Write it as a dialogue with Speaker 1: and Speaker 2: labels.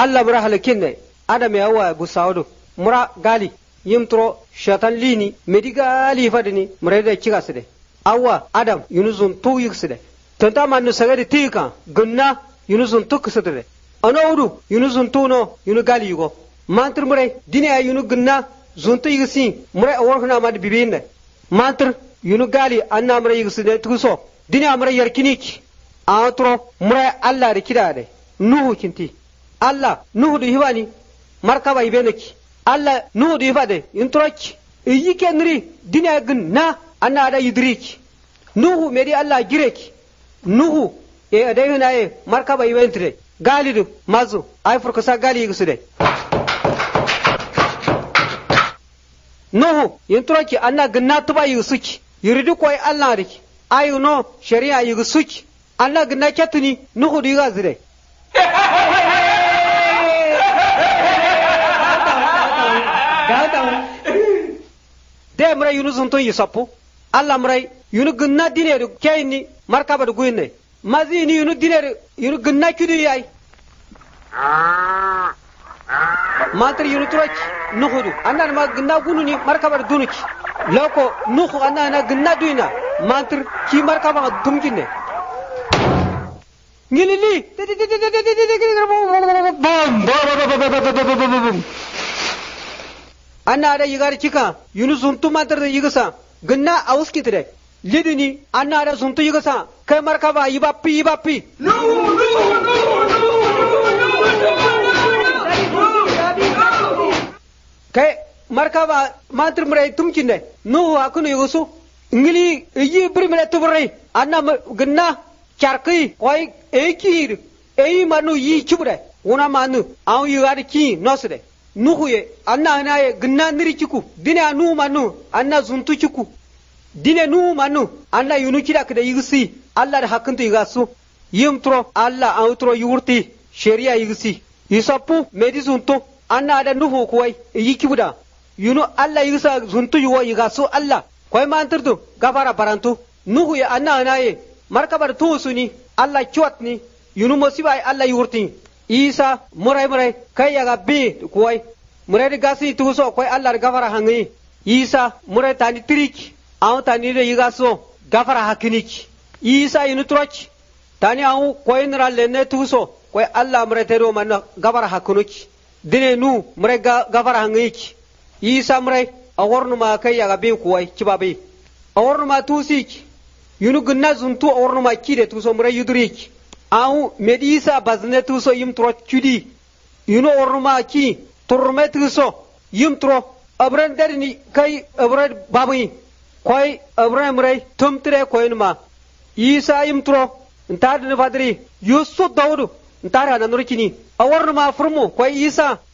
Speaker 1: Allah alla adam ya wa awa gusawdu mura gali yimtro shatan lini medi gali fadini mura da kiga sede awa adam yunuzun tu yiksde tanta manu sagadi tika gunna yunuzun tu ana uru yunuzun tu no yunu gali yugo mantir mura dine yunu gunna zuntu mura mure aworhna mad bibinne mantir yunu gali anna mura yigsde tuguso dine amre yarkinik atro mure alla rikidade nuhu kinti alla nuhudu hibani markaba ibeneki alla nuhudu hibade introki iyike niri dine gin na ana ada yidriki nuhu medi alla gireki nuhu e adai hina e markaba ibentire galidu mazu ay furkusa gali yigusude nuhu introki anna ginna tuba yusuki yuridu koy alla riki ayuno shari'a yigusuki anna ginna ketuni nuhu digazire de mra yunu zuntun yi soppu alla mray yunu gunna dineeru keyni markabadu guyinne mazini yunu dineeru yunu gunna kuduyay mantr yunu turoc nuhudu annan ma gunna gununi markabadu dunuc loko nuhu annana gunna duyna mantr ki markaba dumjinne ngilili anna ada yigari chika yunu zumtu mantar da yigasa ganna awus kitire lidini anna ada zumtu yigasa kai markaba yibappi yibappi no no no kai markaba mantar murai tumkinne no hakunu yigusu ngili yi brimre tubrai anna ganna charkai koi ekir ei manu yi chubre una manu au yigari ki nosre nuhuye anna hanaye ginna niri ciku dine a nuhu mannu anna zuntu ciku dine nuhu mannu anna yunu cida kida yigisi alla da hakkintu yigasu yim turo alla an turo yugurti sheriya yigisi yisappu medi zuntu anna ada nuhu kuwai iyi kibuda yunu alla yigisa zuntu yuwo yigasu alla koy mantirdu gafara barantu nuhuye anna hanaye markabar tuusuni alla cuwatni yunu mosiba ay alla yugurti isa murai murai kai ya gabbi kuwai murai di gasi tuso koi allah di gafara hangi isa murai tani tirik an tani de so gafara hakinik isa inu troch tani an koi nira lenne tuso koi allah murai tero man gafara hakunuk dine nu murai gafara hangi isa murai a ma kai ya gabbi kuwai kibabe a warnuma tusik yunu gunna zuntu a ma kide tuso murai yudrik au medisa bazne tuso yim tro chudi ino orma ki turme tuso yim tro abran darni kai abran babu koy abran mrai tumtre koyin ma isa yim tro ntar ne fadri yusu daudu ntar hanan rukini awarma isa